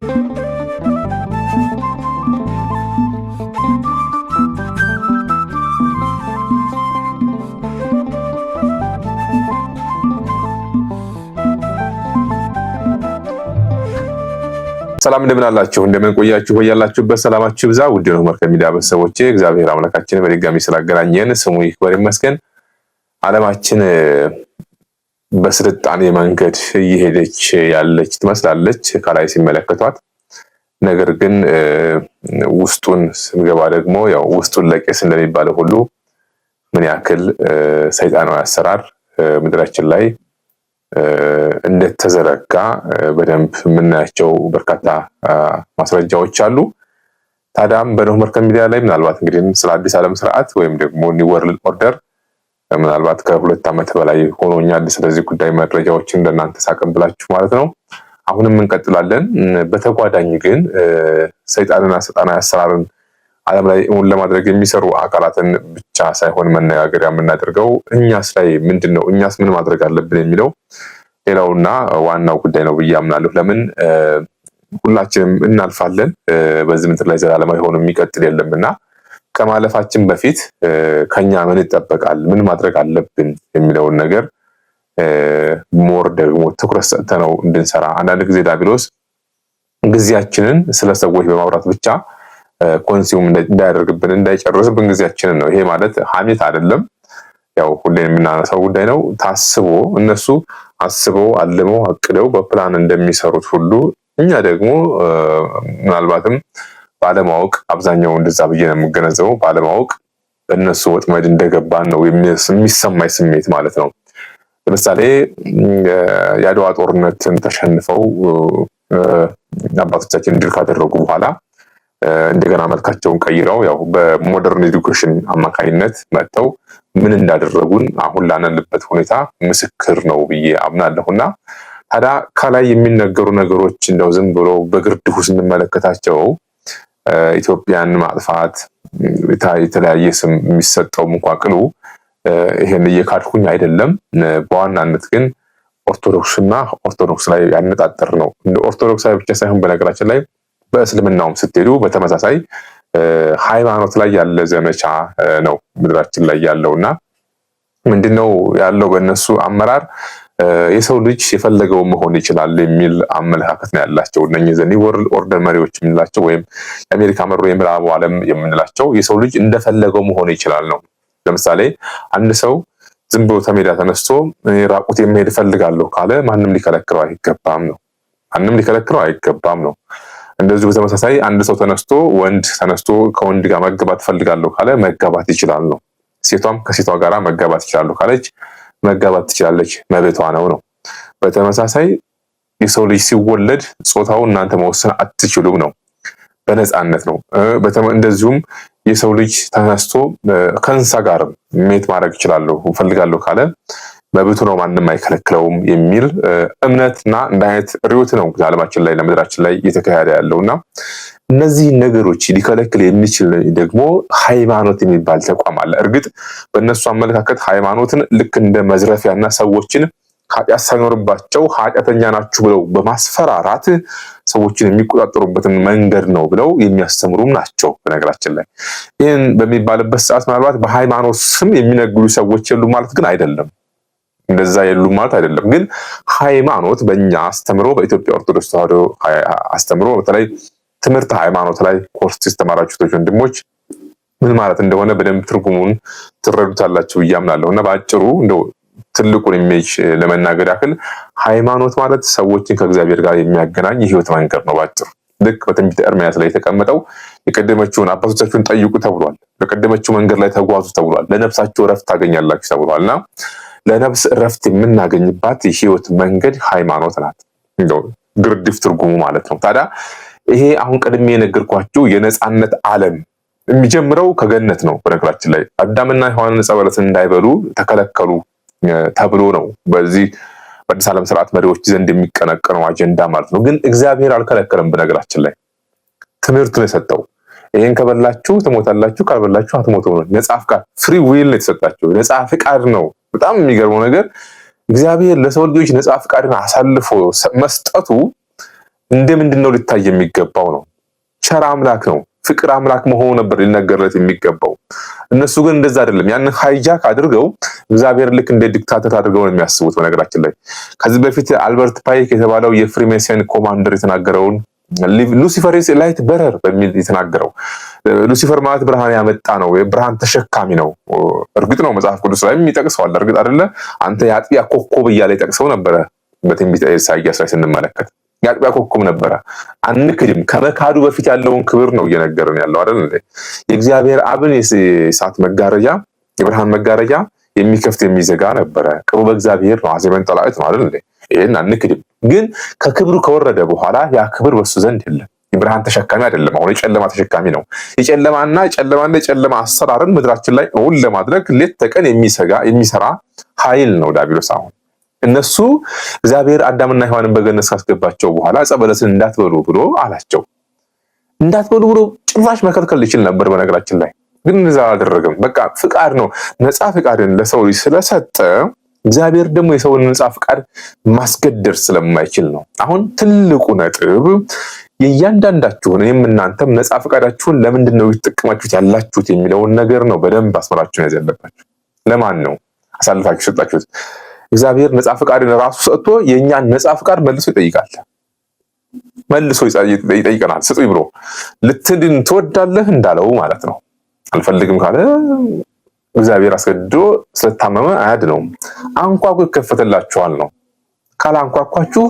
ሰላም እንደምን አላችሁ? እንደምን ቆያችሁ? ያላችሁበት ሰላማችሁ ይብዛ። ውድ ነው መርከብ ሚዲያ ቤተሰቦቼ እግዚአብሔር አምላካችን በድጋሚ ስላገናኘን ስሙ ይክበር ይመስገን። አለማችን በስልጣኔ መንገድ እየሄደች ያለች ትመስላለች ከላይ ሲመለከቷት። ነገር ግን ውስጡን ስንገባ ደግሞ ያው ውስጡን ለቄስ እንደሚባለው ሁሉ ምን ያክል ሰይጣናዊ አሰራር ምድራችን ላይ እንደተዘረጋ በደንብ የምናያቸው በርካታ ማስረጃዎች አሉ። ታዲያም በኖህ መርከብ ሚዲያ ላይ ምናልባት እንግዲህ ስለ አዲስ ዓለም ስርዓት ወይም ደግሞ ኒው ወርልድ ኦርደር ምናልባት ከሁለት ዓመት በላይ ሆኖኛል ስለዚህ ጉዳይ መረጃዎችን እንደናንተ ሳቀብላችሁ ማለት ነው። አሁንም እንቀጥላለን። በተጓዳኝ ግን ሰይጣንና ሰይጣናዊ አሰራርን ዓለም ላይ እውን ለማድረግ የሚሰሩ አካላትን ብቻ ሳይሆን መነጋገሪያ የምናደርገው እኛስ ላይ ምንድን ነው እኛስ ምን ማድረግ አለብን የሚለው ሌላውና ዋናው ጉዳይ ነው ብዬ አምናለሁ። ለምን ሁላችንም እናልፋለን። በዚህ ምድር ላይ ዘላለማዊ ሆኖ የሚቀጥል የለም እና ከማለፋችን በፊት ከኛ ምን ይጠበቃል፣ ምን ማድረግ አለብን የሚለውን ነገር ሞር ደግሞ ትኩረት ሰጥተነው እንድንሰራ አንዳንድ ጊዜ ዲያብሎስ ጊዜያችንን ስለ ሰዎች በማውራት ብቻ ኮንሱም እንዳያደርግብን እንዳይጨርስብን ጊዜያችንን ነው። ይሄ ማለት ሀሜት አይደለም። ያው ሁሌ የምናነሳው ጉዳይ ነው። ታስቦ እነሱ አስበው አልመው አቅደው በፕላን እንደሚሰሩት ሁሉ እኛ ደግሞ ምናልባትም ባለማወቅ አብዛኛው እንደዛ ብዬ ነው የምገነዘበው። ባለማወቅ በእነሱ ወጥመድ እንደገባን ነው የሚሰማኝ ስሜት ማለት ነው። ለምሳሌ የአድዋ ጦርነትን ተሸንፈው አባቶቻችን ድል ካደረጉ በኋላ እንደገና መልካቸውን ቀይረው ያው በሞደርን ኤዱኬሽን አማካኝነት መጥተው ምን እንዳደረጉን አሁን ላነልበት ሁኔታ ምስክር ነው ብዬ አምናለሁና ታዲያ ከላይ የሚነገሩ ነገሮች እንደው ዝም ብሎ በግርድሁ ስንመለከታቸው ኢትዮጵያን ማጥፋት የተለያየ ስም የሚሰጠውም እንኳ ቅሉ ይሄን እየካድኩኝ አይደለም። በዋናነት ግን ኦርቶዶክስና ኦርቶዶክስ ላይ ያነጣጠር ነው። እንደ ኦርቶዶክስ ላይ ብቻ ሳይሆን በነገራችን ላይ በእስልምናውም ስትሄዱ በተመሳሳይ ሃይማኖት ላይ ያለ ዘመቻ ነው ምድራችን ላይ ያለው እና ምንድነው ያለው በእነሱ አመራር የሰው ልጅ የፈለገው መሆን ይችላል የሚል አመለካከት ነው ያላቸው እነኚህ ዘ ኒው ወርልድ ኦርደር መሪዎች የምንላቸው ወይም የአሜሪካ መሩ የምዕራቡ ዓለም የምንላቸው የሰው ልጅ እንደፈለገው መሆን ይችላል ነው። ለምሳሌ አንድ ሰው ዝም ብሎ ተሜዳ ተነስቶ ራቁት የመሄድ እፈልጋለሁ ካለ ማንም ሊከለክለው አይገባም ነው። ማንም ሊከለክለው አይገባም ነው። እንደዚሁ በተመሳሳይ አንድ ሰው ተነስቶ ወንድ ተነስቶ ከወንድ ጋር መገባት እፈልጋለሁ ካለ መገባት ይችላል ነው። ሴቷም ከሴቷ ጋር መገባት ይችላሉ ካለች መጋባት ትችላለች፣ መብቷ ነው ነው። በተመሳሳይ የሰው ልጅ ሲወለድ ጾታው እናንተ መወሰን አትችሉም ነው፣ በነፃነት ነው። እንደዚሁም የሰው ልጅ ተነስቶ ከእንስሳ ጋር ሜት ማድረግ እችላለሁ እፈልጋለሁ ካለ መብቱ ነው፣ ማንም አይከለክለውም የሚል እምነትና እንደ አይነት ርዕዮት ነው ዓለማችን ላይ ለምድራችን ላይ እየተካሄደ ያለው እና እነዚህን ነገሮች ሊከለክል የሚችል ደግሞ ሃይማኖት የሚባል ተቋም አለ። እርግጥ በእነሱ አመለካከት ሃይማኖትን ልክ እንደ መዝረፊያና ሰዎችን ኃጢአት ሳይኖርባቸው ኃጢአተኛ ናችሁ ብለው በማስፈራራት ሰዎችን የሚቆጣጠሩበትን መንገድ ነው ብለው የሚያስተምሩም ናቸው። በነገራችን ላይ ይህን በሚባልበት ሰዓት ምናልባት በሃይማኖት ስም የሚነግዱ ሰዎች የሉ ማለት ግን አይደለም። እንደዛ የሉ ማለት አይደለም። ግን ሃይማኖት በእኛ አስተምሮ፣ በኢትዮጵያ ኦርቶዶክስ ተዋሕዶ አስተምሮ በተለይ ትምህርት ሃይማኖት ላይ ኮርስ የተማራችሁት ወንድሞች ምን ማለት እንደሆነ በደንብ ትርጉሙን ትረዱታላችሁ ብዬ እና በአጭሩ እንደው ትልቁን ኢሜጅ ለመናገር ያክል ሃይማኖት ማለት ሰዎችን ከእግዚአብሔር ጋር የሚያገናኝ የህይወት መንገድ ነው። በአጭሩ ልክ በትንቢተ ኤርምያስ ላይ የተቀመጠው የቀደመችውን አባቶቻችሁን ጠይቁ ተብሏል። በቀደመችው መንገድ ላይ ተጓዙ ተብሏል። ለነፍሳችሁ እረፍት ታገኛላችሁ ተብሏል እና ለነፍስ እረፍት የምናገኝባት የህይወት መንገድ ሃይማኖት ናት። ግርድፍ ትርጉሙ ማለት ነው ታዲያ ይሄ አሁን ቀድሜ የነገርኳችሁ የነፃነት ዓለም የሚጀምረው ከገነት ነው። በነገራችን ላይ አዳምና ሔዋን ዕፀ በለስን እንዳይበሉ ተከለከሉ ተብሎ ነው በዚህ በአዲስ ዓለም ስርዓት መሪዎች ዘንድ የሚቀነቀነው አጀንዳ ማለት ነው። ግን እግዚአብሔር አልከለከለም። በነገራችን ላይ ትምህርት ነው የሰጠው። ይህን ከበላችሁ ትሞታላችሁ፣ ካልበላችሁ አትሞተው ነው። ነጻ ፍቃድ ፍሪ ዊል ነው የተሰጣቸው። ነጻ ፍቃድ ነው። በጣም የሚገርመው ነገር እግዚአብሔር ለሰው ልጆች ነጻ ፍቃድን አሳልፎ መስጠቱ እንደ ምንድን ነው ሊታይ የሚገባው ነው። ቸር አምላክ ነው። ፍቅር አምላክ መሆኑ ነበር ሊነገርለት የሚገባው። እነሱ ግን እንደዛ አይደለም። ያንን ሃይጃክ አድርገው እግዚአብሔር ልክ እንደ ዲክታተር አድርገው ነው የሚያስቡት። በነገራችን ላይ ከዚህ በፊት አልበርት ፓይክ የተባለው የፍሪሜንሲያን ኮማንደር የተናገረውን ሉሲፈር ኢዝ ላይት በረር በሚል የተናገረው ሉሲፈር ማለት ብርሃን ያመጣ ነው፣ የብርሃን ተሸካሚ ነው። እርግጥ ነው መጽሐፍ ቅዱስ ላይም ይጠቅሰዋል። እርግጥ አይደለ አንተ የአጥቢያ ኮከብ እያለ ይጠቅሰው ነበረ በትንቢተ ኢሳይያስ ላይ ስንመለከት የአጥቢያ ኮከብ ነበረ። አንክድም። ከመካዱ በፊት ያለውን ክብር ነው እየነገረን ያለው አይደል? የእግዚአብሔር አብን የእሳት መጋረጃ የብርሃን መጋረጃ የሚከፍት የሚዘጋ ነበረ። ቅርቡ በእግዚአብሔር ነው፣ አዜመን ጠላዊት ነው አይደል? ይህን አንክድም። ግን ከክብሩ ከወረደ በኋላ ያ ክብር በሱ ዘንድ የለም። የብርሃን ተሸካሚ አይደለም። አሁን የጨለማ ተሸካሚ ነው። የጨለማና የጨለማና የጨለማ አሰራርን ምድራችን ላይ እውን ለማድረግ ሌት ተቀን የሚሰራ ኃይል ነው ዳቢሎስ አሁን እነሱ እግዚአብሔር አዳምና ሔዋንን በገነት ካስገባቸው በኋላ ዕፀ በለስን እንዳትበሉ ብሎ አላቸው። እንዳትበሉ ብሎ ጭራሽ መከልከል ይችል ነበር። በነገራችን ላይ ግን እንደዛ አላደረገም። በቃ ፍቃድ ነው። ነፃ ፍቃድን ለሰው ልጅ ስለሰጠ እግዚአብሔር ደግሞ የሰውን ነፃ ፍቃድ ማስገደር ስለማይችል ነው። አሁን ትልቁ ነጥብ የእያንዳንዳችሁን እኔም እናንተም ነፃ ፍቃዳችሁን ለምንድን ነው የተጠቀማችሁት ያላችሁት የሚለውን ነገር ነው። በደንብ አስመራችሁን ያዘ ለማን ነው አሳልፋችሁ ሰጣችሁት? እግዚአብሔር ነጻ ፈቃድን ራሱ ሰጥቶ የእኛን ነጻ ፈቃድ መልሶ ይጠይቃል። መልሶ ይጠይቀናል። ስጡኝ ብሎ ልትድን ትወዳለህ እንዳለው ማለት ነው። አልፈልግም ካለ እግዚአብሔር አስገድዶ ስለታመመ አያድነውም። አንኳኩ ይከፈተላችኋል ነው። ካላንኳኳችሁ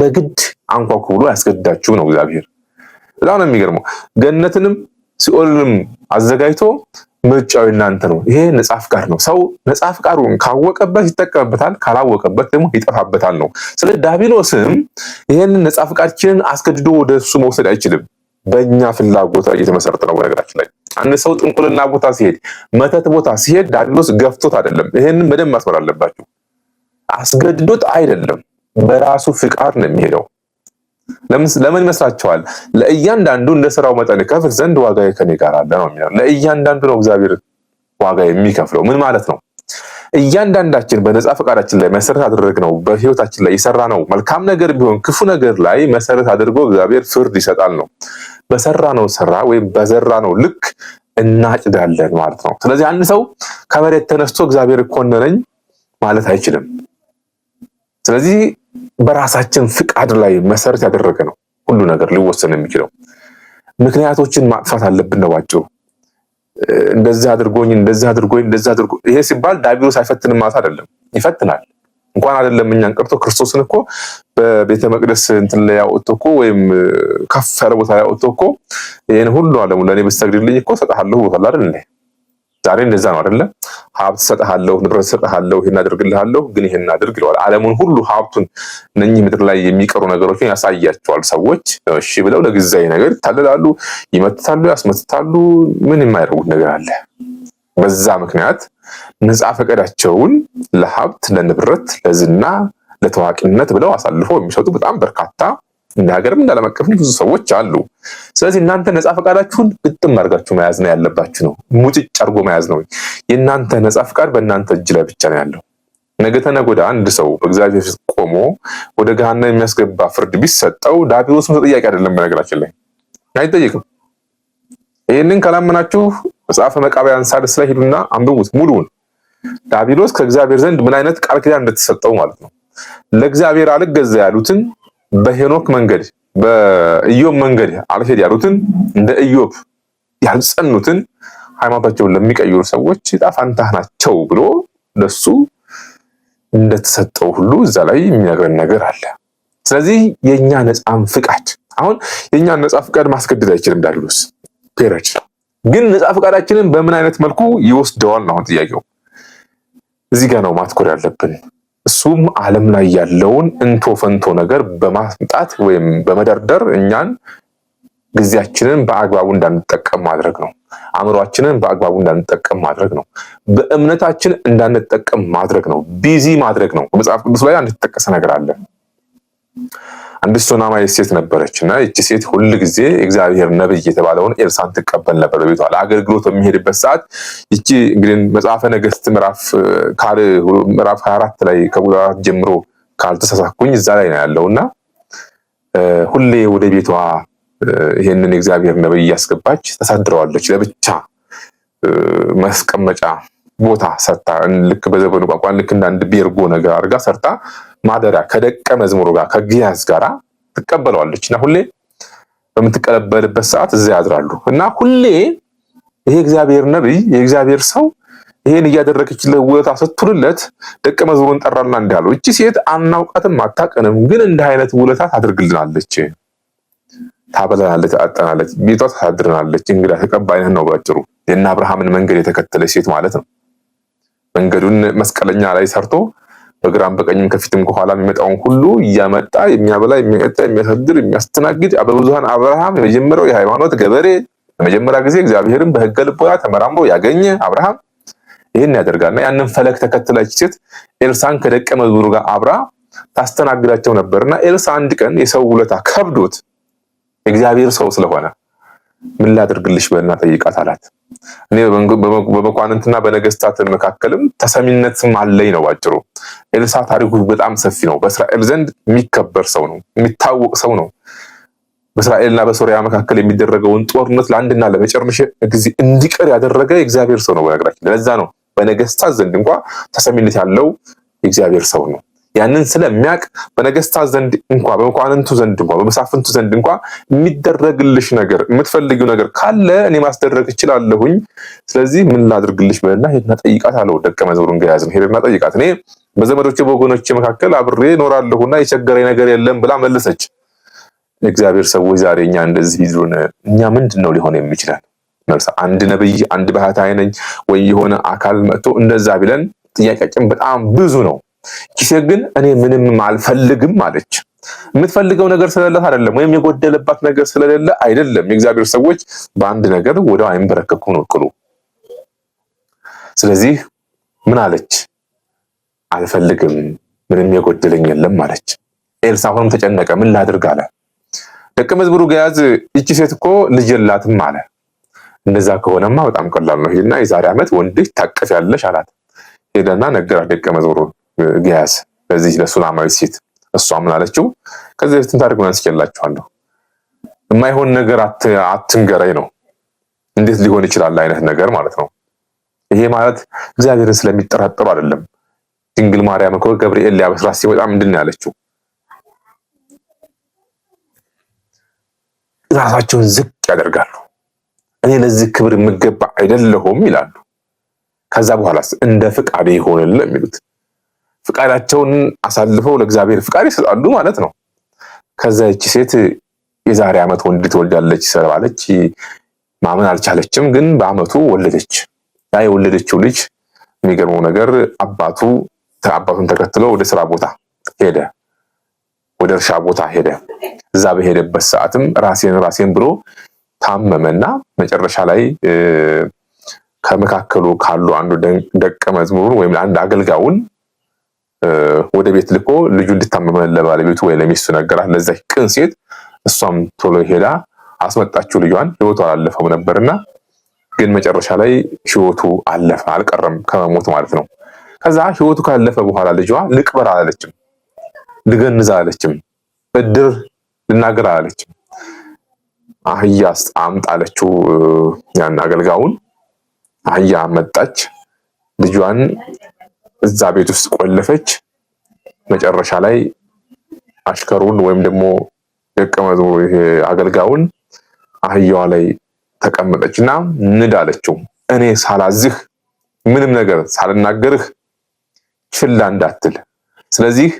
በግድ አንኳኩ ብሎ አያስገድዳችሁም ነው እግዚአብሔር። በጣም ነው የሚገርመው። ገነትንም ሲኦልንም አዘጋጅቶ ምርጫው እናንተ ነው። ይሄ ነጻ ፍቃድ ነው። ሰው ነጻ ፍቃዱን ካወቀበት ይጠቀምበታል፣ ካላወቀበት ደግሞ ይጠፋበታል ነው። ስለዚህ ዳቢሎስም ይህንን ነጻ ፍቃዳችንን አስገድዶ ወደ እሱ መውሰድ አይችልም። በእኛ ፍላጎት ላይ እየተመሰረተ ነው። በነገራችን ላይ አንድ ሰው ጥንቁልና ቦታ ሲሄድ፣ መተት ቦታ ሲሄድ ዳቢሎስ ገፍቶት አይደለም። ይሄንን በደንብ ማስመር አለባችሁ። አስገድዶት አይደለም፣ በራሱ ፍቃድ ነው የሚሄደው። ለምን ይመስላችኋል? ለእያንዳንዱ እንደ ስራው መጠን ከፍል ዘንድ ዋጋ ከኔ ጋር አለ ነው የሚለው። ለእያንዳንዱ ነው እግዚአብሔር ዋጋ የሚከፍለው። ምን ማለት ነው? እያንዳንዳችን በነፃ ፈቃዳችን ላይ መሰረት ነው በህይወታችን ላይ የሰራ ነው መልካም ነገር ቢሆን ክፉ ነገር ላይ መሰረት አድርጎ እግዚአብሔር ፍርድ ይሰጣል ነው። በሰራ ነው ስራ ወይም በዘራ ነው ልክ እናጭዳለን ማለት ነው። ስለዚህ አንድ ሰው ከመሬት ተነስቶ እግዚአብሔር እኮነነኝ ማለት አይችልም። ስለዚህ በራሳችን ፍቃድ ላይ መሰረት ያደረገ ነው ሁሉ ነገር ሊወሰን የሚችለው። ምክንያቶችን ማጥፋት አለብን ነው ባጭሩ። እንደዚህ አድርጎኝ እንደዚህ አድርጎኝ እንደዚህ አድርጎ ይሄ ሲባል ዲያብሎስ አይፈትንም ማለት አይደለም፣ ይፈትናል። እንኳን አይደለም እኛን ቀርቶ ክርስቶስን እኮ በቤተ መቅደስ እንትን ላይ ያወጥቶ እኮ ወይም ከፍ ያለ ቦታ ላይ ያወጥቶ እኮ ይህን ሁሉ አለሙ ለእኔ ብትሰግድልኝ እኮ እሰጥሃለሁ ቦታ ላይ አይደል ዛሬ እንደዛ ነው አይደለ? ሀብት ሰጥሃለሁ፣ ንብረት ሰጥሃለሁ፣ ይህን አድርግልሃለሁ፣ ግን ይህን አድርግ ይለዋል። ዓለሙን ሁሉ ሀብቱን፣ እነኚህ ምድር ላይ የሚቀሩ ነገሮችን ያሳያቸዋል። ሰዎች እሺ ብለው ለጊዜያዊ ነገር ይታለላሉ፣ ይመትታሉ፣ ያስመትታሉ። ምን የማያደርጉት ነገር አለ? በዛ ምክንያት ነጻ ፈቀዳቸውን ለሀብት፣ ለንብረት፣ ለዝና፣ ለታዋቂነት ብለው አሳልፈው የሚሰጡ በጣም በርካታ እንደ ሀገርም እንዳለመቀፍም ብዙ ሰዎች አሉ። ስለዚህ እናንተ ነጻ ፈቃዳችሁን ግጥም አድርጋችሁ መያዝ ነው ያለባችሁ ነው ሙጭጭ አድርጎ መያዝ ነው። የእናንተ ነጻ ፈቃድ በእናንተ እጅ ላይ ብቻ ነው ያለው። ነገ ተነገ ወዲያ አንድ ሰው በእግዚአብሔር ፊት ቆሞ ወደ ገሃና የሚያስገባ ፍርድ ቢሰጠው ዲያብሎስም ተጠያቂ አይደለም። በነገራችን ላይ አይጠየቅም። ይህንን ካላመናችሁ መጽሐፈ መቃብያን ሳድስ ላይ ሂዱና አንብቡት ሙሉውን። ዲያብሎስ ከእግዚአብሔር ዘንድ ምን አይነት ቃል ኪዳን እንደተሰጠው ማለት ነው። ለእግዚአብሔር አልገዛ ያሉትን በሄኖክ መንገድ በኢዮብ መንገድ አልሄድ ያሉትን እንደ ኢዮብ ያልጸኑትን ሃይማኖታቸውን ለሚቀይሩ ሰዎች ጣፋንታ ናቸው ብሎ ለሱ እንደተሰጠው ሁሉ እዛ ላይ የሚነግረን ነገር አለ። ስለዚህ የእኛ ነፃን ፍቃድ አሁን የእኛ ነፃ ፍቃድ ማስገደድ አይችልም ዳግሎስ ፔረድ ግን ነፃ ፍቃዳችንን በምን አይነት መልኩ ይወስደዋል ነው አሁን ጥያቄው። እዚህ ጋር ነው ማትኮር ያለብን። እሱም ዓለም ላይ ያለውን እንቶ ፈንቶ ነገር በማምጣት ወይም በመደርደር እኛን ጊዜያችንን በአግባቡ እንዳንጠቀም ማድረግ ነው። አእምሯችንን በአግባቡ እንዳንጠቀም ማድረግ ነው። በእምነታችን እንዳንጠቀም ማድረግ ነው። ቢዚ ማድረግ ነው። በመጽሐፍ ቅዱስ ላይ አንድ የተጠቀሰ ነገር አለ። አንድ ሱናማዊ ሴት ነበረች እና ይቺ ሴት ሁል ጊዜ እግዚአብሔር ነብይ የተባለውን ኤልሳን ትቀበል ነበር በቤቷ ለአገልግሎት በሚሄድበት ሰዓት። ይቺ እንግዲህ መጽሐፈ ነገስት ምዕራፍ ምዕራፍ 24 ላይ ከቁጥር አራት ጀምሮ ካልተሳሳኩኝ እዛ ላይ ነው ያለው እና ሁሌ ወደ ቤቷ ይሄንን እግዚአብሔር ነብይ እያስገባች ተሳድረዋለች ለብቻ ማስቀመጫ ቦታ ሰርታ ልክ በዘበኑ ቋንቋ ልክ እንደ አንድ ቤርጎ ነገር አድርጋ ሰርታ ማደሪያ ከደቀ መዝሙሩ ጋር ከግያዝ ጋር ትቀበለዋለች እና ሁሌ በምትቀበልበት ሰዓት እዚያ ያድራሉ እና ሁሌ ይሄ እግዚአብሔር ነቢይ የእግዚአብሔር ሰው ይሄን እያደረገችለት ውለታ ስትውልለት ደቀ መዝሙሩን ጠራና እንዳሉ እቺ ሴት አናውቃትም፣ አታቀንም፣ ግን እንደ አይነት ውለታ ታድርግልናለች፣ ታበላናለች፣ ታጠናለች፣ ቤቷ ታሳድረናለች፣ እንግዳ ተቀባይነት ነው። ባጭሩ የእነ አብርሃምን መንገድ የተከተለች ሴት ማለት ነው። መንገዱን መስቀለኛ ላይ ሰርቶ በግራም በቀኝም ከፊትም ከኋላ የሚመጣውን ሁሉ እያመጣ የሚያበላ የሚያጠጣ የሚያሳድር የሚያስተናግድ በብዙሃን አብርሃም የመጀመሪያው የሃይማኖት ገበሬ ለመጀመሪያ ጊዜ እግዚአብሔርን በህገ ልቦና ተመራምሮ ያገኘ አብርሃም ይህን ያደርጋልና ያንን ፈለግ ተከትላች ሴት ኤልሳን ከደቀ መዝሙሩ ጋር አብራ ታስተናግዳቸው ነበርና ኤልሳ አንድ ቀን የሰው ውለታ ከብዶት እግዚአብሔር ሰው ስለሆነ ምን ላድርግልሽ በልና ጠይቃት አላት። እኔ በመኳንንትና በነገስታት መካከልም ተሰሚነትም አለኝ ነው ባጭሩ። ኤልሳ ታሪኩ በጣም ሰፊ ነው። በእስራኤል ዘንድ የሚከበር ሰው ነው፣ የሚታወቅ ሰው ነው። በእስራኤልና በሶሪያ መካከል የሚደረገውን ጦርነት ለአንድና ለመጨረሻ ጊዜ እንዲቀር ያደረገ የእግዚአብሔር ሰው ነው። በነገራችን ለዛ ነው በነገስታት ዘንድ እንኳ ተሰሚነት ያለው የእግዚአብሔር ሰው ነው። ያንን ስለሚያውቅ በነገስታት ዘንድ እንኳ በመኳንንቱ ዘንድ እንኳ በመሳፍንቱ ዘንድ እንኳ የሚደረግልሽ ነገር የምትፈልጊው ነገር ካለ እኔ ማስደረግ እችላለሁኝ። ስለዚህ ምን ላድርግልሽ በልና ሄድና ጠይቃት አለው። ደቀ መዝሙሩን ገያዝ ነው ሄድና ጠይቃት፣ እኔ በዘመዶቼ በወገኖቼ መካከል አብሬ እኖራለሁና የቸገረኝ ነገር የለም ብላ መለሰች። እግዚአብሔር ሰዎች ዛሬ እኛ እንደዚህ ይዙን፣ እኛ ምንድን ነው ሊሆን የሚችላል? መልስ አንድ ነብይ አንድ ባህታዊ ነኝ ወይ የሆነ አካል መጥቶ እንደዛ ቢለን ጥያቄያችን በጣም ብዙ ነው። ኪሴ ግን እኔ ምንም አልፈልግም አለች። የምትፈልገው ነገር ስለሌላት አይደለም፣ ወይም የጎደለባት ነገር ስለሌለ አይደለም። የእግዚአብሔር ሰዎች በአንድ ነገር ወደ አይንበረከኩ ነው ቅሉ። ስለዚህ ምን አለች? አልፈልግም፣ ምንም የጎደለኝ የለም አለች። ኤልሳ አሁንም ተጨነቀ። ምን ላድርግ አለ። ደቀ መዝሙሩ ገያዝ እቺ ሴት እኮ ልጅ የላትም አለ። እንደዛ ከሆነማ በጣም ቀላል ነው፣ ሄድና የዛሬ ዓመት ወንድህ ታቀፍ ያለሽ አላት። ሄደና ነገራት ደቀ መዝሙሩን ግያዝ በዚህ ለሱላማዊት ሴት እሷ ምን አለችው? ከዚህ በፊትም ታሪክ አንስቼላችኋለሁ። የማይሆን ነገር አትንገረኝ ነው። እንዴት ሊሆን ይችላል አይነት ነገር ማለት ነው። ይሄ ማለት እግዚአብሔርን ስለሚጠራጠሩ አይደለም። ድንግል ማርያም እኮ ገብርኤል ሊያበስራት ሲመጣ ምንድን ነው ያለችው? ራሳቸውን ዝቅ ያደርጋሉ። እኔ ለዚህ ክብር የምገባ አይደለሁም ይላሉ። ከዛ በኋላስ እንደ ፍቃዴ ይሆንልህ የሚሉት ፍቃዳቸውን አሳልፈው ለእግዚአብሔር ፍቃድ ይሰጣሉ ማለት ነው። ከዛ ይቺ ሴት የዛሬ ዓመት ወንድ ትወልዳለች ስለባለች ማመን አልቻለችም፣ ግን በዓመቱ ወለደች። ያ የወለደችው ልጅ የሚገርመው ነገር አባቱ አባቱን ተከትሎ ወደ ስራ ቦታ ሄደ፣ ወደ እርሻ ቦታ ሄደ። እዛ በሄደበት ሰዓትም ራሴን ራሴን ብሎ ታመመና መጨረሻ ላይ ከመካከሉ ካሉ አንዱ ደቀ መዝሙሩን ወይም አንድ አገልጋውን ወደ ቤት ልኮ ልጁ እንድታመመን ለባለቤቱ ወይ ለሚስቱ ነገራት። ለዛ ቅን ሴት እሷም ቶሎ ሄዳ አስመጣችው ልጇን። ህይወቱ አላለፈው ነበርና ግን መጨረሻ ላይ ህይወቱ አለፈ፣ አልቀረም ከመሞት ማለት ነው። ከዛ ህይወቱ ካለፈ በኋላ ልጇ ልቅበር አላለችም፣ ልገንዝ አላለችም፣ እድር ልናገር አላለችም። አህያ አምጣ አለችው ያን አገልጋውን አህያ መጣች ልጇን እዛ ቤት ውስጥ ቆለፈች። መጨረሻ ላይ አሽከሩን ወይም ደግሞ ደቀ መዝሙሩ ይሄ አገልጋዩን አህያዋ ላይ ተቀመጠች እና ንድ አለችው። እኔ ሳላዝህ ምንም ነገር ሳልናገርህ ችላ እንዳትል፣ ስለዚህ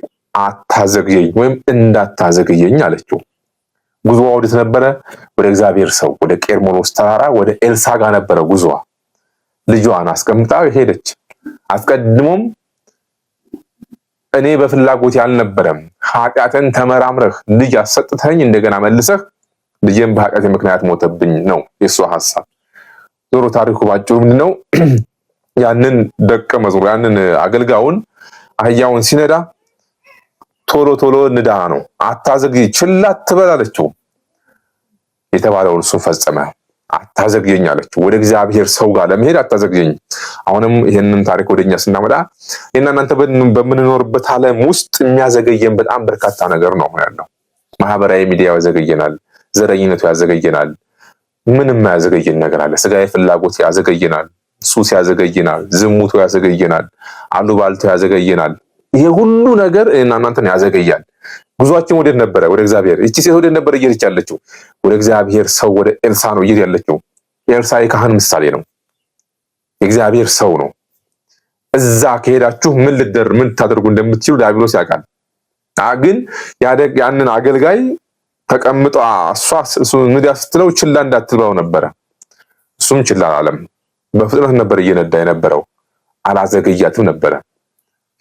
አታዘግየኝ ወይም እንዳታዘግየኝ አለችው። ጉዞዋ ወዴት ነበረ? ወደ እግዚአብሔር ሰው ወደ ቄርሞሎስ ተራራ ወደ ኤልሳጋ ነበረ ጉዞዋ። ልጇን አስቀምጣ ሄደች። አስቀድሞም እኔ በፍላጎት ያልነበረም ኃጢአትን ተመራምረህ ልጅ አሰጥተኝ እንደገና መልሰህ ልጅም በኃጢአት ምክንያት ሞተብኝ ነው የእሷ ሀሳብ። ዞሮ ታሪኩ ባጭሩ ምንድነው ያንን ደቀ መዝሙር ያንን አገልጋውን አህያውን ሲነዳ ቶሎ ቶሎ ንዳ ነው፣ አታዘግይ፣ ችላ ትበላለችው የተባለውን እሱ ፈጸመ። አታዘግየኝ አለችው። ወደ እግዚአብሔር ሰው ጋር ለመሄድ አታዘግየኝ። አሁንም ይህንን ታሪክ ወደኛ ስናመጣ ይህና እናንተ በምንኖርበት ዓለም ውስጥ የሚያዘገየን በጣም በርካታ ነገር ነው ያለው። ማህበራዊ ሚዲያ ያዘገየናል። ዘረኝነቱ ያዘገየናል። ምንም ያዘገየን ነገር አለ። ስጋዊ ፍላጎት ያዘገየናል። ሱስ ያዘገየናል። ዝሙቱ ያዘገየናል። አሉባልቱ ያዘገየናል። ይሄ ሁሉ ነገር እናንተን ያዘገያል። ጉዟችን ወዴት ነበረ? ወደ እግዚአብሔር። እቺ ሴት ወዴት ነበረ እየሄደች ያለችው? ወደ እግዚአብሔር ሰው ወደ ኤልሳ ነው እየሄድ ያለችው። ኤልሳ የካህን ምሳሌ ነው፣ የእግዚአብሔር ሰው ነው። እዛ ከሄዳችሁ ምን ልደር ምን ታደርጉ እንደምትችሉ ዲያብሎስ ያውቃል። ግን ያንን አገልጋይ ተቀምጧ እሷ ንዲያ ስትለው ችላ እንዳትለው ነበረ። እሱም ችላ አላለም። በፍጥነት ነበር እየነዳ የነበረው፣ አላዘገያትም ነበረ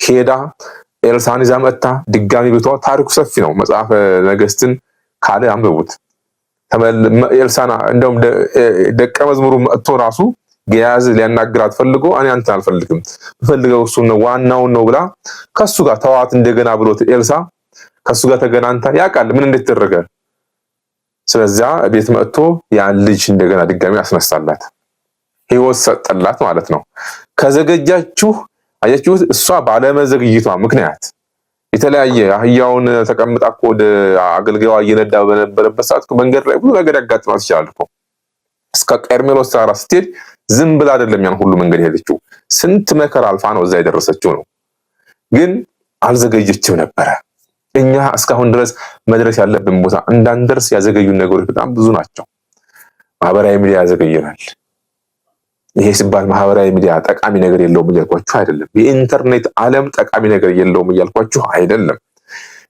ሄዳ ኤልሳን ይዛ መጥታ ድጋሚ ብቷ ታሪኩ ሰፊ ነው። መጽሐፈ ነገስትን ካለ አንብቡት። ኤልሳና እንደውም ደቀ መዝሙሩ መጥቶ ራሱ ገያዝ ሊያናግራት ፈልጎ እኔ አንተን አልፈልግም ብፈልገው እሱ ነው ዋናውን ነው ብላ ከሱ ጋር ተዋት እንደገና ብሎት ኤልሳ ከሱ ጋር ተገናንታ ያውቃል ምን እንዴት ተደረገ። ስለዚያ ቤት መጥቶ ያን ልጅ እንደገና ድጋሚ አስነሳላት፣ ህይወት ሰጠላት ማለት ነው። ከዘገጃችሁ አያችሁት? እሷ ባለመዘግይቷ ምክንያት የተለያየ አህያውን ተቀምጣ እኮ ወደ አገልጋይዋ እየነዳ በነበረበት ሰዓት መንገድ ላይ ብዙ ነገር ያጋጥማት ይችላል እኮ። እስከ ቀርሜሎስ ተራራ ስትሄድ ዝም ብላ አይደለም ያን ሁሉ መንገድ የሄደችው፣ ስንት መከራ አልፋ ነው እዛ የደረሰችው ነው። ግን አልዘገየችም ነበረ። እኛ እስካሁን ድረስ መድረስ ያለብን ቦታ እንዳንደርስ ያዘገዩን ነገሮች በጣም ብዙ ናቸው። ማህበራዊ ሚዲያ ያዘገየናል። ይሄ ሲባል ማህበራዊ ሚዲያ ጠቃሚ ነገር የለውም እያልኳችሁ አይደለም። የኢንተርኔት ዓለም ጠቃሚ ነገር የለውም እያልኳችሁ አይደለም።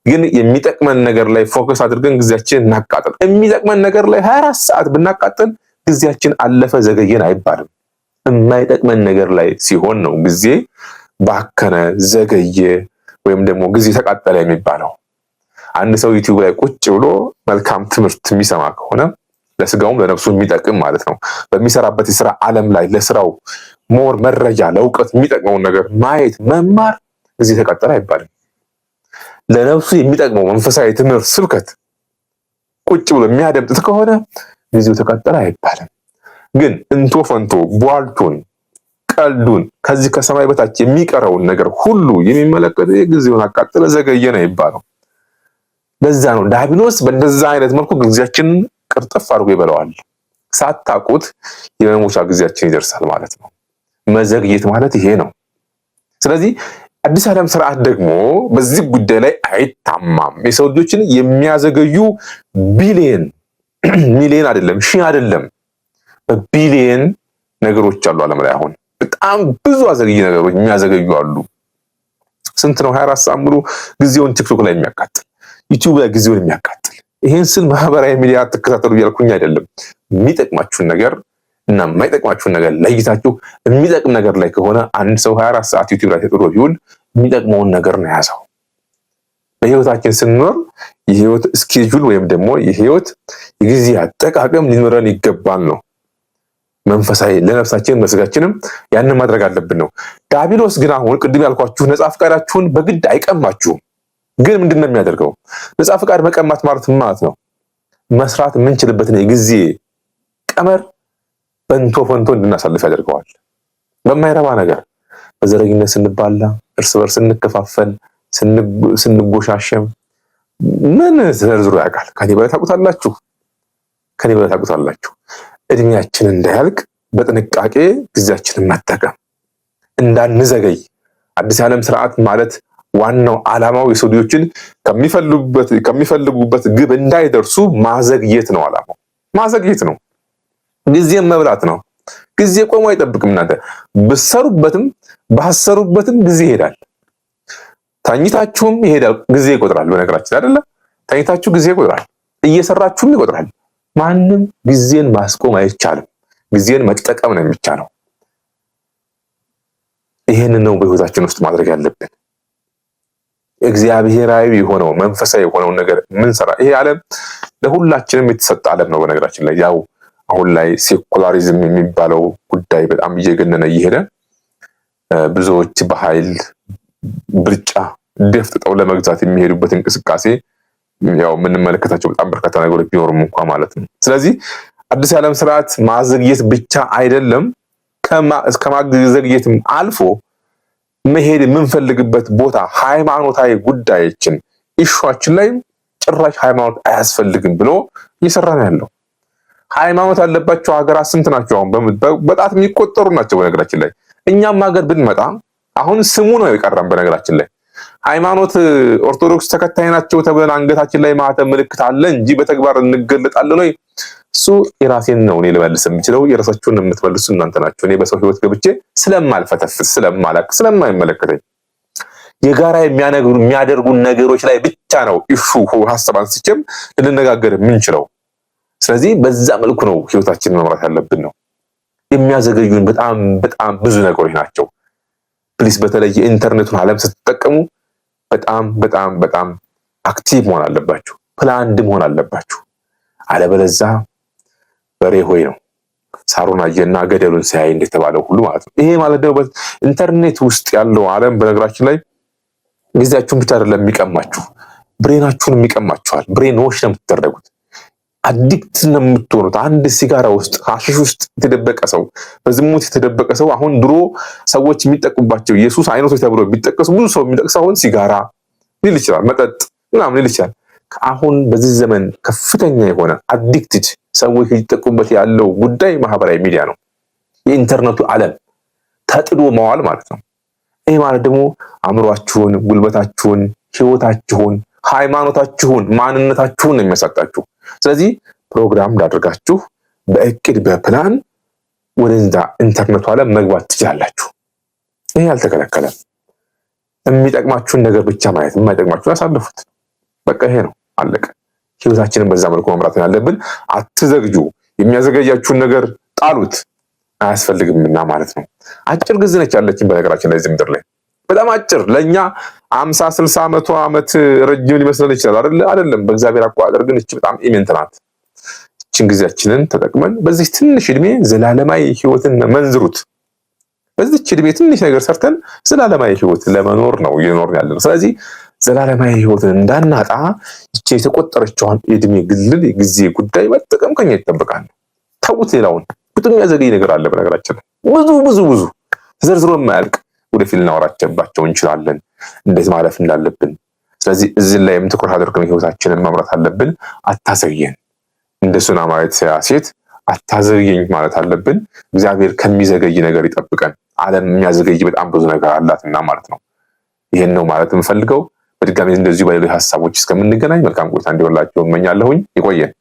ግን የሚጠቅመን ነገር ላይ ፎከስ አድርገን ጊዜያችን እናቃጥል። የሚጠቅመን ነገር ላይ 24 ሰዓት ብናቃጥል ጊዜያችን አለፈ ዘገየን አይባልም። የማይጠቅመን ነገር ላይ ሲሆን ነው ጊዜ ባከነ፣ ዘገየ ወይም ደግሞ ጊዜ ተቃጠለ የሚባለው። አንድ ሰው ዩቲዩብ ላይ ቁጭ ብሎ መልካም ትምህርት የሚሰማ ከሆነ ለስጋውም ለነፍሱ የሚጠቅም ማለት ነው። በሚሰራበት የስራ ዓለም ላይ ለስራው ሞር መረጃ ለእውቀት የሚጠቅመውን ነገር ማየት መማር እዚህ ተቀጠረ አይባልም። ለነፍሱ የሚጠቅመው መንፈሳዊ ትምህርት ስብከት ቁጭ ብሎ የሚያደምጥት ከሆነ ጊዜው ተቀጠረ አይባልም። ግን እንቶ ፈንቶ ቧልቱን ቀልዱን ከዚህ ከሰማይ በታች የሚቀረውን ነገር ሁሉ የሚመለከት የጊዜውን አቃጠለ ዘገየ ነው ይባለው። ለዛ ነው ዳቢኖስ በእንደዛ አይነት መልኩ ጊዜያችንን ቅርጥፍ አድርጎ ይበላዋል። ሳታቁት የመሞቻ ጊዜያችን ይደርሳል ማለት ነው። መዘግየት ማለት ይሄ ነው። ስለዚህ አዲስ ዓለም ስርዓት ደግሞ በዚህ ጉዳይ ላይ አይታማም። የሰው ልጆችን የሚያዘገዩ ቢሊየን ሚሊየን አይደለም ሺ አይደለም በቢሊየን ነገሮች አሉ ዓለም ላይ አሁን በጣም ብዙ አዘግይ ነገሮች የሚያዘገዩ አሉ። ስንት ነው? 24 ሰዓት ሙሉ ጊዜውን ቲክቶክ ላይ የሚያቃጥል ዩቲዩብ ላይ ጊዜውን የሚያቃጥል ይህን ስል ማህበራዊ ሚዲያ ተከታተሉ እያልኩኝ አይደለም። የሚጠቅማችሁን ነገር እና የማይጠቅማችሁን ነገር ለይታችሁ የሚጠቅም ነገር ላይ ከሆነ አንድ ሰው 24 ሰዓት ዩቲብ ላይ ተጥሮ ቢውል የሚጠቅመውን ነገር ነው የያዘው። በህይወታችን ስንኖር የህይወት ስኬጁል ወይም ደግሞ የህይወት የጊዜ አጠቃቀም ሊኖረን ይገባል ነው መንፈሳዊ ለነፍሳችን መስጋችንም ያንን ማድረግ አለብን ነው። ዳቢሎስ ግን አሁን ቅድም ያልኳችሁ ነጻ ፈቃዳችሁን በግድ አይቀማችሁም። ግን ምንድን ነው የሚያደርገው? ነፃ ፈቃድ መቀማት ማለት ማለት ነው መስራት የምንችልበትን የጊዜ ቀመር በንቶ ፈንቶ እንድናሳልፍ ያደርገዋል። በማይረባ ነገር በዘረኝነት ስንባላ፣ እርስ በርስ ስንከፋፈል፣ ስንጎሻሸም ምን ዘርዝሮ ያውቃል? ከኔ በላይ ታውቁታላችሁ፣ ከኔ በላይ ታውቁታላችሁ። እድሜያችን እንዳያልቅ በጥንቃቄ ጊዜያችንን መጠቀም እንዳንዘገይ አዲስ የዓለም ስርዓት ማለት ዋናው ዓላማው የሰው ልጆችን ከሚፈልጉበት ግብ እንዳይደርሱ ማዘግየት ነው። ዓላማው ማዘግየት ነው። ጊዜም መብላት ነው። ጊዜ ቆሞ አይጠብቅም። እናንተ ብሰሩበትም ባሰሩበትም ጊዜ ይሄዳል። ተኝታችሁም ይሄዳል። ጊዜ ይቆጥራል። በነገራችን አይደለ? ተኝታችሁ ጊዜ ይቆጥራል። እየሰራችሁም ይቆጥራል። ማንም ጊዜን ማስቆም አይቻልም። ጊዜን መጠቀም ነው የሚቻለው። ይህንን ነው በህይወታችን ውስጥ ማድረግ ያለብን። እግዚአብሔራዊ የሆነው መንፈሳዊ የሆነውን ነገር ምንሰራ። ይሄ ዓለም ለሁላችንም የተሰጠ ዓለም ነው። በነገራችን ላይ ያው አሁን ላይ ሴኩላሪዝም የሚባለው ጉዳይ በጣም እየገነነ እየሄደ ብዙዎች በኃይል ብርጫ ደፍጥጠው ለመግዛት የሚሄዱበት እንቅስቃሴ ያው የምንመለከታቸው በጣም በርካታ ነገሮች ቢኖሩም እንኳ ማለት ነው። ስለዚህ አዲስ የዓለም ስርዓት ማዘግየት ብቻ አይደለም፣ ከማዘግየትም አልፎ መሄድ የምንፈልግበት ቦታ ሃይማኖታዊ ጉዳዮችን እሿችን ላይ ጭራሽ ሃይማኖት አያስፈልግም ብሎ እየሰራ ነው ያለው። ሃይማኖት ያለባቸው ሀገራት ስንት ናቸው? አሁን በጣት የሚቆጠሩ ናቸው። በነገራችን ላይ እኛም ሀገር ብንመጣ አሁን ስሙ ነው የቀረም። በነገራችን ላይ ሃይማኖት ኦርቶዶክስ ተከታይ ናቸው ተብለን አንገታችን ላይ ማህተም ምልክት አለ እንጂ በተግባር እንገለጣለን ወይ? እሱ የራሴን ነው እኔ ልመልስ የምችለው። የራሳችሁን የምትመልሱ እናንተ ናቸው። እኔ በሰው ህይወት ገብቼ ስለማልፈተፍት፣ ስለማላቅ፣ ስለማይመለከተኝ የጋራ የሚያደርጉን ነገሮች ላይ ብቻ ነው ኢሹ ሀሳብ አንስቼም ልንነጋገር የምንችለው። ስለዚህ በዛ መልኩ ነው ህይወታችንን መምራት ያለብን ነው። የሚያዘገዩን በጣም በጣም ብዙ ነገሮች ናቸው። ፕሊስ በተለይ የኢንተርኔቱን አለም ስትጠቀሙ በጣም በጣም በጣም አክቲቭ መሆን አለባችሁ። ፕላንድ መሆን አለባችሁ። አለበለዛ በሬ ሆይ ነው ሳሩን አየና ገደሉን ሲያይ እንደተባለው ሁሉ ማለት ነው። ይሄ ማለት ደግሞ ኢንተርኔት ውስጥ ያለው ዓለም በነገራችን ላይ ጊዜያችሁን ብቻ አይደለም የሚቀማችሁ፣ ብሬናችሁን የሚቀማችኋል። ብሬን ዎሽ ነው የምትደረጉት። አዲክት ነው የምትሆኑት። አንድ ሲጋራ ውስጥ ሀሽሽ ውስጥ የተደበቀ ሰው፣ በዝሙት የተደበቀ ሰው አሁን ድሮ ሰዎች የሚጠቁባቸው የሱስ አይነቶች ተብሎ የሚጠቀሱ ብዙ ሰው የሚጠቅሰው አሁን ሲጋራ ሊል ይችላል፣ መጠጥ ምናምን ሊል ይችላል። አሁን በዚህ ዘመን ከፍተኛ የሆነ አዲክትድ ሰዎች ሊጠቁበት ያለው ጉዳይ ማህበራዊ ሚዲያ ነው። የኢንተርኔቱ ዓለም ተጥዶ መዋል ማለት ነው። ይህ ማለት ደግሞ አእምሯችሁን፣ ጉልበታችሁን፣ ህይወታችሁን፣ ሃይማኖታችሁን፣ ማንነታችሁን ነው የሚያሳጣችሁ። ስለዚህ ፕሮግራም እንዳደርጋችሁ በእቅድ በፕላን ወደዛ ኢንተርኔቱ ዓለም መግባት ትችላላችሁ። ይህ አልተከለከለም። የሚጠቅማችሁን ነገር ብቻ ማየት፣ የማይጠቅማችሁን አሳልፉት። በቃ ይሄ ነው አለቀ። ህይወታችንን በዛ መልኩ መምራት ያለብን። አትዘግጁ። የሚያዘገያችሁን ነገር ጣሉት፣ አያስፈልግምና ማለት ነው። አጭር ጊዜ ነች ያለችን በነገራችን ላይ እዚህ ምድር ላይ በጣም አጭር ለእኛ አምሳ ስልሳ መቶ ዓመት ረጅም ሊመስለን ይችላል። አይደለ አይደለም። በእግዚአብሔር አቆጣጠር ግን እቺ በጣም ኢሜንት ናት። እችን ጊዜያችንን ተጠቅመን በዚህ ትንሽ እድሜ ዘላለማዊ ህይወትን መንዝሩት። በዚች እድሜ ትንሽ ነገር ሰርተን ዘላለማዊ ህይወት ለመኖር ነው እየኖር ያለን። ስለዚህ ዘላለማዊ ህይወትን እንዳናጣ ይቺ የተቆጠረችዋን የእድሜ ግልል የጊዜ ጉዳይ መጠቀም ከኛ ይጠበቃል። ታውት ሌላውን ብዙ የሚያዘገይ ነገር አለ። በነገራችን ብዙ ብዙ ብዙ ተዘርዝሮ የማያልቅ ወደፊት ልናወራቸባቸው እንችላለን፣ እንዴት ማለፍ እንዳለብን። ስለዚህ እዚህ ላይም ትኩረት አድርገን ህይወታችንን መምራት አለብን። አታዘግየን፣ እንደ ሱናማዊት ሴት አታዘግየኝ ማለት አለብን። እግዚአብሔር ከሚዘገይ ነገር ይጠብቀን። ዓለም የሚያዘገይ በጣም ብዙ ነገር አላትና ማለት ነው። ይህን ነው ማለት የምፈልገው። በድጋሚ እንደዚሁ በሌሎች ሀሳቦች እስከምንገናኝ መልካም ቆይታ እንዲሆንላችሁ እመኛለሁኝ። ይቆየን።